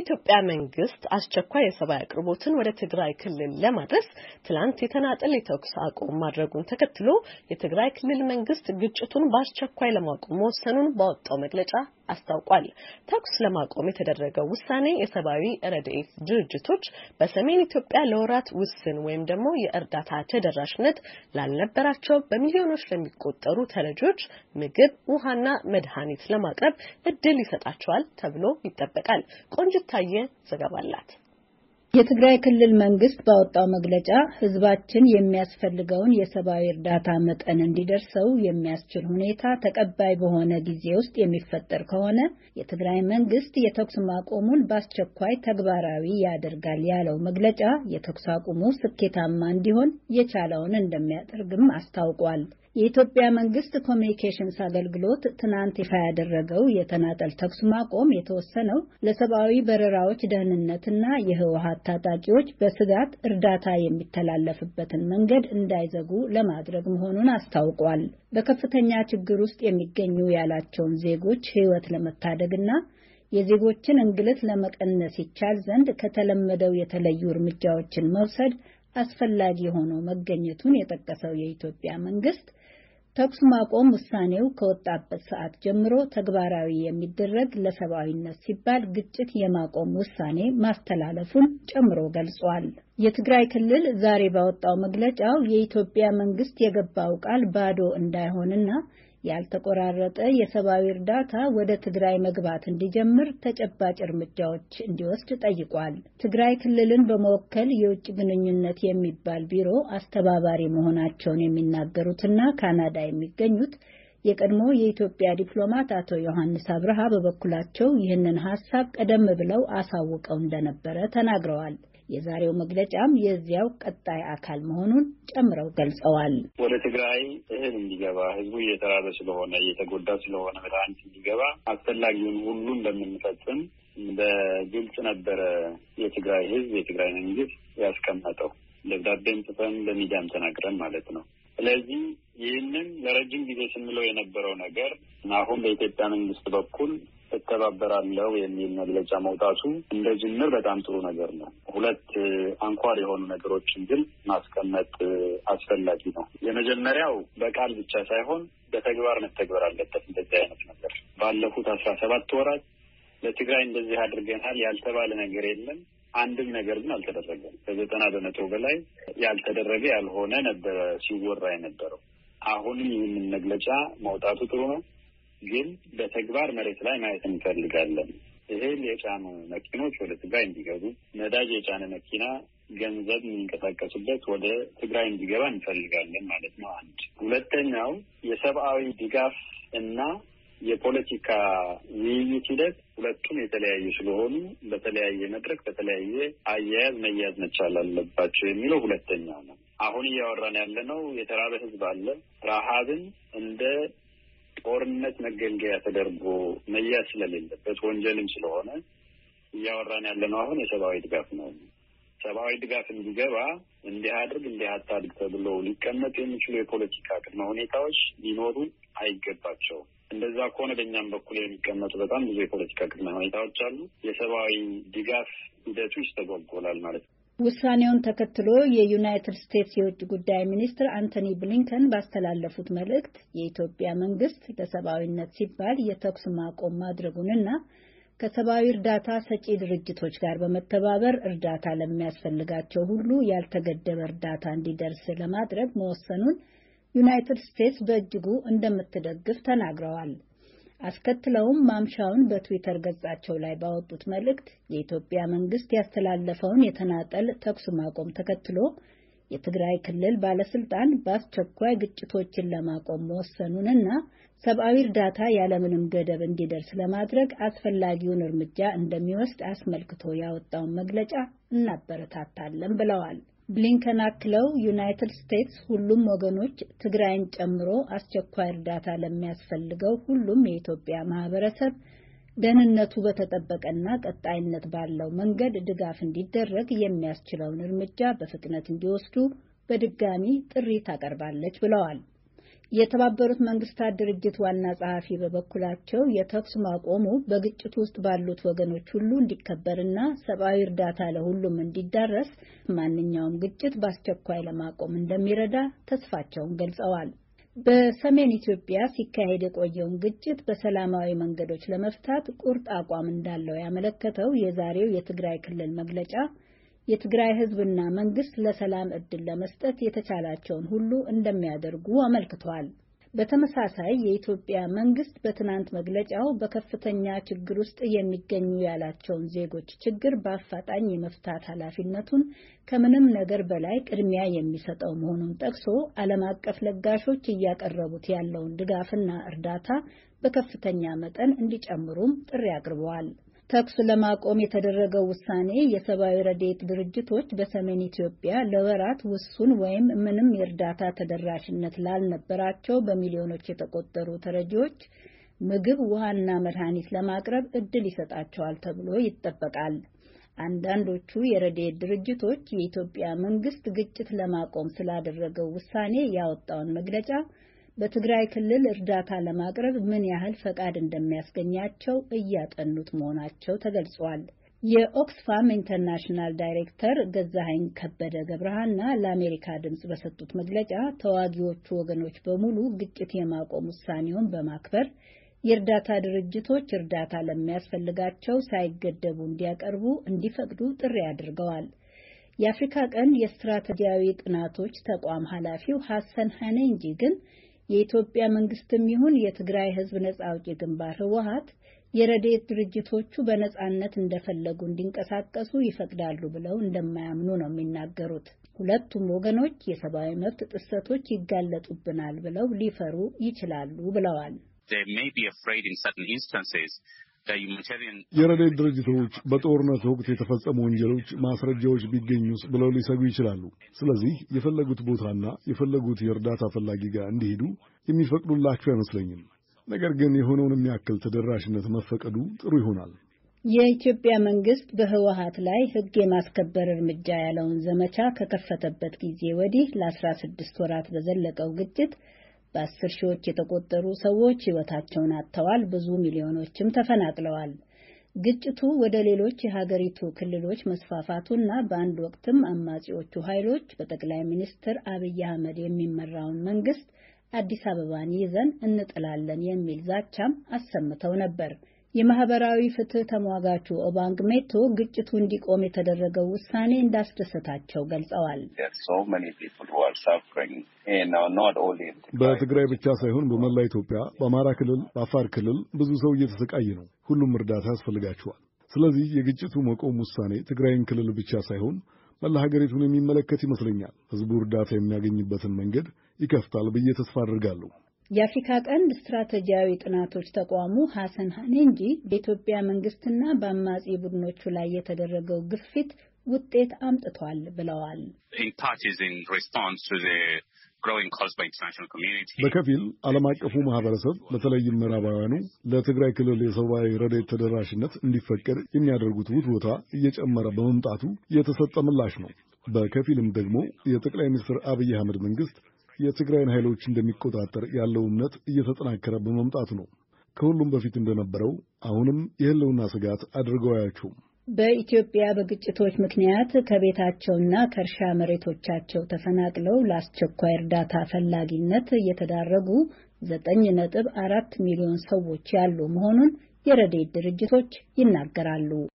የኢትዮጵያ መንግስት አስቸኳይ የሰብአዊ አቅርቦትን ወደ ትግራይ ክልል ለማድረስ ትላንት የተናጠል የተኩስ አቁም ማድረጉን ተከትሎ የትግራይ ክልል መንግስት ግጭቱን በአስቸኳይ ለማቆም መወሰኑን ባወጣው መግለጫ አስታውቋል። ተኩስ ለማቆም የተደረገው ውሳኔ የሰብአዊ ረድኤት ድርጅቶች በሰሜን ኢትዮጵያ ለወራት ውስን ወይም ደግሞ የእርዳታ ተደራሽነት ላልነበራቸው በሚሊዮኖች ለሚቆጠሩ ተረጂዎች ምግብ፣ ውሃና መድኃኒት ለማቅረብ እድል ይሰጣቸዋል ተብሎ ይጠበቃል። ቆንጅታየ ዘገባ አላት። የትግራይ ክልል መንግስት ባወጣው መግለጫ ህዝባችን የሚያስፈልገውን የሰብአዊ እርዳታ መጠን እንዲደርሰው የሚያስችል ሁኔታ ተቀባይ በሆነ ጊዜ ውስጥ የሚፈጠር ከሆነ የትግራይ መንግስት የተኩስ ማቆሙን በአስቸኳይ ተግባራዊ ያደርጋል ያለው መግለጫ የተኩስ አቁሙ ስኬታማ እንዲሆን የቻለውን እንደሚያደርግም አስታውቋል። የኢትዮጵያ መንግስት ኮሚኒኬሽንስ አገልግሎት ትናንት ይፋ ያደረገው የተናጠል ተኩስ ማቆም የተወሰነው ለሰብአዊ በረራዎች ደህንነትና የህወሀት ታጣቂዎች በስጋት እርዳታ የሚተላለፍበትን መንገድ እንዳይዘጉ ለማድረግ መሆኑን አስታውቋል። በከፍተኛ ችግር ውስጥ የሚገኙ ያላቸውን ዜጎች ህይወት ለመታደግና የዜጎችን እንግልት ለመቀነስ ይቻል ዘንድ ከተለመደው የተለዩ እርምጃዎችን መውሰድ አስፈላጊ ሆኖ መገኘቱን የጠቀሰው የኢትዮጵያ መንግስት ተኩስ ማቆም ውሳኔው ከወጣበት ሰዓት ጀምሮ ተግባራዊ የሚደረግ ለሰብአዊነት ሲባል ግጭት የማቆም ውሳኔ ማስተላለፉን ጨምሮ ገልጿል። የትግራይ ክልል ዛሬ ባወጣው መግለጫው የኢትዮጵያ መንግስት የገባው ቃል ባዶ እንዳይሆንና ያልተቆራረጠ የሰብአዊ እርዳታ ወደ ትግራይ መግባት እንዲጀምር ተጨባጭ እርምጃዎች እንዲወስድ ጠይቋል። ትግራይ ክልልን በመወከል የውጭ ግንኙነት የሚባል ቢሮ አስተባባሪ መሆናቸውን የሚናገሩትና ካናዳ የሚገኙት የቀድሞ የኢትዮጵያ ዲፕሎማት አቶ ዮሐንስ አብርሃ በበኩላቸው ይህንን ሀሳብ ቀደም ብለው አሳውቀው እንደነበረ ተናግረዋል። የዛሬው መግለጫም የዚያው ቀጣይ አካል መሆኑን ጨምረው ገልጸዋል። ወደ ትግራይ እህል እንዲገባ ህዝቡ እየተራበ ስለሆነ እየተጎዳ ስለሆነ መድኃኒት እንዲገባ አስፈላጊውን ሁሉ እንደምንፈጽም በግልጽ ነበረ የትግራይ ህዝብ የትግራይ መንግስት ያስቀመጠው ደብዳቤም ጽፈን በሚዲያም ተናግረን ማለት ነው። ስለዚህ ይህንን ለረጅም ጊዜ ስንለው የነበረው ነገር አሁን በኢትዮጵያ መንግስት በኩል እተባበራለሁ የሚል መግለጫ መውጣቱ እንደ ጅምር በጣም ጥሩ ነገር ነው። ሁለት አንኳር የሆኑ ነገሮችን ግን ማስቀመጥ አስፈላጊ ነው። የመጀመሪያው በቃል ብቻ ሳይሆን በተግባር መተግበር አለበት። እንደዚህ አይነት ነገር ባለፉት አስራ ሰባት ወራት ለትግራይ እንደዚህ አድርገናል ያልተባለ ነገር የለም። አንድም ነገር ግን አልተደረገም። ከዘጠና በመቶ በላይ ያልተደረገ ያልሆነ ነበረ ሲወራ የነበረው። አሁንም ይህንን መግለጫ መውጣቱ ጥሩ ነው። ግን በተግባር መሬት ላይ ማየት እንፈልጋለን። እህል የጫኑ መኪኖች ወደ ትግራይ እንዲገቡ፣ ነዳጅ የጫነ መኪና ገንዘብ የሚንቀሳቀሱበት ወደ ትግራይ እንዲገባ እንፈልጋለን ማለት ነው። አንድ ሁለተኛው የሰብአዊ ድጋፍ እና የፖለቲካ ውይይት ሂደት ሁለቱም የተለያዩ ስለሆኑ በተለያየ መድረክ በተለያየ አያያዝ መያያዝ መቻል አለባቸው የሚለው ሁለተኛው ነው። አሁን እያወራን ያለነው የተራበ ህዝብ አለ። ረሃብን እንደ ጦርነት መገልገያ ተደርጎ መያዝ ስለሌለበት ወንጀልም ስለሆነ እያወራን ነው። አሁን የሰብአዊ ድጋፍ ነው። ሰብአዊ ድጋፍ እንዲገባ እንዲህ አድርግ እንዲህ አታድግ ተብሎ ሊቀመጥ የሚችሉ የፖለቲካ ቅድመ ሁኔታዎች ሊኖሩ አይገባቸውም። እንደዛ ከሆነ በእኛም በኩል የሚቀመጡ በጣም ብዙ የፖለቲካ ቅድመ ሁኔታዎች አሉ። የሰብአዊ ድጋፍ ሂደቱ ይስተጓጎላል ማለት ነው። ውሳኔውን ተከትሎ የዩናይትድ ስቴትስ የውጭ ጉዳይ ሚኒስትር አንቶኒ ብሊንከን ባስተላለፉት መልእክት የኢትዮጵያ መንግስት ለሰብአዊነት ሲባል የተኩስ ማቆም ማድረጉንና ከሰብአዊ እርዳታ ሰጪ ድርጅቶች ጋር በመተባበር እርዳታ ለሚያስፈልጋቸው ሁሉ ያልተገደበ እርዳታ እንዲደርስ ለማድረግ መወሰኑን ዩናይትድ ስቴትስ በእጅጉ እንደምትደግፍ ተናግረዋል። አስከትለውም ማምሻውን በትዊተር ገጻቸው ላይ ባወጡት መልእክት የኢትዮጵያ መንግስት ያስተላለፈውን የተናጠል ተኩስ ማቆም ተከትሎ የትግራይ ክልል ባለስልጣን በአስቸኳይ ግጭቶችን ለማቆም መወሰኑንና ሰብአዊ እርዳታ ያለምንም ገደብ እንዲደርስ ለማድረግ አስፈላጊውን እርምጃ እንደሚወስድ አስመልክቶ ያወጣውን መግለጫ እናበረታታለን ብለዋል። ብሊንከን አክለው ዩናይትድ ስቴትስ ሁሉም ወገኖች ትግራይን ጨምሮ አስቸኳይ እርዳታ ለሚያስፈልገው ሁሉም የኢትዮጵያ ማህበረሰብ ደህንነቱ በተጠበቀና ቀጣይነት ባለው መንገድ ድጋፍ እንዲደረግ የሚያስችለውን እርምጃ በፍጥነት እንዲወስዱ በድጋሚ ጥሪ ታቀርባለች ብለዋል። የተባበሩት መንግስታት ድርጅት ዋና ጸሐፊ በበኩላቸው የተኩስ ማቆሙ በግጭት ውስጥ ባሉት ወገኖች ሁሉ እንዲከበርና ሰብአዊ እርዳታ ለሁሉም እንዲዳረስ ማንኛውም ግጭት በአስቸኳይ ለማቆም እንደሚረዳ ተስፋቸውን ገልጸዋል። በሰሜን ኢትዮጵያ ሲካሄድ የቆየውን ግጭት በሰላማዊ መንገዶች ለመፍታት ቁርጥ አቋም እንዳለው ያመለከተው የዛሬው የትግራይ ክልል መግለጫ የትግራይ ህዝብና መንግስት ለሰላም ዕድል ለመስጠት የተቻላቸውን ሁሉ እንደሚያደርጉ አመልክቷል። በተመሳሳይ የኢትዮጵያ መንግስት በትናንት መግለጫው በከፍተኛ ችግር ውስጥ የሚገኙ ያላቸውን ዜጎች ችግር በአፋጣኝ የመፍታት ኃላፊነቱን ከምንም ነገር በላይ ቅድሚያ የሚሰጠው መሆኑን ጠቅሶ ዓለም አቀፍ ለጋሾች እያቀረቡት ያለውን ድጋፍና እርዳታ በከፍተኛ መጠን እንዲጨምሩም ጥሪ አቅርበዋል። ተኩስ ለማቆም የተደረገው ውሳኔ የሰብአዊ ረድኤት ድርጅቶች በሰሜን ኢትዮጵያ ለወራት ውሱን ወይም ምንም የእርዳታ ተደራሽነት ላልነበራቸው በሚሊዮኖች የተቆጠሩ ተረጂዎች ምግብ፣ ውሃና መድኃኒት ለማቅረብ እድል ይሰጣቸዋል ተብሎ ይጠበቃል። አንዳንዶቹ የረድኤት ድርጅቶች የኢትዮጵያ መንግስት ግጭት ለማቆም ስላደረገው ውሳኔ ያወጣውን መግለጫ በትግራይ ክልል እርዳታ ለማቅረብ ምን ያህል ፈቃድ እንደሚያስገኛቸው እያጠኑት መሆናቸው ተገልጿል። የኦክስፋም ኢንተርናሽናል ዳይሬክተር ገዛሀኝ ከበደ ገብረሃና ለአሜሪካ ድምፅ በሰጡት መግለጫ ተዋጊዎቹ ወገኖች በሙሉ ግጭት የማቆም ውሳኔውን በማክበር የእርዳታ ድርጅቶች እርዳታ ለሚያስፈልጋቸው ሳይገደቡ እንዲያቀርቡ እንዲፈቅዱ ጥሪ አድርገዋል። የአፍሪካ ቀንድ የስትራቴጂያዊ ጥናቶች ተቋም ኃላፊው ሐሰን ሐኔንጂ ግን የኢትዮጵያ መንግስትም ይሁን የትግራይ ህዝብ ነጻ አውጪ ግንባር ህወሀት የረዴት ድርጅቶቹ በነጻነት እንደፈለጉ እንዲንቀሳቀሱ ይፈቅዳሉ ብለው እንደማያምኑ ነው የሚናገሩት። ሁለቱም ወገኖች የሰብአዊ መብት ጥሰቶች ይጋለጡብናል ብለው ሊፈሩ ይችላሉ ብለዋል። የረዴት ድርጅቶች በጦርነት ወቅት የተፈጸሙ ወንጀሎች ማስረጃዎች ቢገኙስ ብለው ሊሰጉ ይችላሉ። ስለዚህ የፈለጉት ቦታና የፈለጉት የእርዳታ ፈላጊ ጋር እንዲሄዱ የሚፈቅዱላቸው አይመስለኝም። ነገር ግን የሆነውን የሚያክል ተደራሽነት መፈቀዱ ጥሩ ይሆናል። የኢትዮጵያ መንግስት በህወሀት ላይ ህግ የማስከበር እርምጃ ያለውን ዘመቻ ከከፈተበት ጊዜ ወዲህ ለአስራ ስድስት ወራት በዘለቀው ግጭት በአስር ሺዎች የተቆጠሩ ሰዎች ሕይወታቸውን አጥተዋል፣ ብዙ ሚሊዮኖችም ተፈናቅለዋል። ግጭቱ ወደ ሌሎች የሀገሪቱ ክልሎች መስፋፋቱና በአንድ ወቅትም አማጺዎቹ ኃይሎች በጠቅላይ ሚኒስትር አብይ አህመድ የሚመራውን መንግስት አዲስ አበባን ይዘን እንጥላለን የሚል ዛቻም አሰምተው ነበር። የማህበራዊ ፍትህ ተሟጋቹ ኦባንግ ሜቶ ግጭቱ እንዲቆም የተደረገው ውሳኔ እንዳስደሰታቸው ገልጸዋል። eh, በትግራይ ብቻ ሳይሆን በመላ ኢትዮጵያ፣ በአማራ ክልል፣ በአፋር ክልል ብዙ ሰው እየተሰቃየ ነው። ሁሉም እርዳታ ያስፈልጋቸዋል። ስለዚህ የግጭቱ መቆም ውሳኔ ትግራይን ክልል ብቻ ሳይሆን መላ ሀገሪቱን የሚመለከት ይመስለኛል። ህዝቡ እርዳታ የሚያገኝበትን መንገድ ይከፍታል ብዬ ተስፋ አድርጋለሁ። የአፍሪካ ቀንድ ስትራቴጂያዊ ጥናቶች ተቋሙ ሐሰን ሀኔንጂ በኢትዮጵያ መንግስትና በአማጺ ቡድኖቹ ላይ የተደረገው ግፊት ውጤት አምጥቷል ብለዋል። በከፊል ዓለም አቀፉ ማህበረሰብ በተለይም ምዕራባውያኑ ለትግራይ ክልል የሰብአዊ ረድኤት ተደራሽነት እንዲፈቀድ የሚያደርጉት ውትወታ እየጨመረ በመምጣቱ የተሰጠ ምላሽ ነው። በከፊልም ደግሞ የጠቅላይ ሚኒስትር አብይ አህመድ መንግስት የትግራይን ኃይሎች እንደሚቆጣጠር ያለው እምነት እየተጠናከረ በመምጣቱ ነው። ከሁሉም በፊት እንደነበረው አሁንም የህልውና ስጋት አድርገው አያቸውም። በኢትዮጵያ በግጭቶች ምክንያት ከቤታቸውና ከእርሻ መሬቶቻቸው ተፈናቅለው ለአስቸኳይ እርዳታ ፈላጊነት እየተዳረጉ ዘጠኝ ነጥብ አራት ሚሊዮን ሰዎች ያሉ መሆኑን የረዴት ድርጅቶች ይናገራሉ።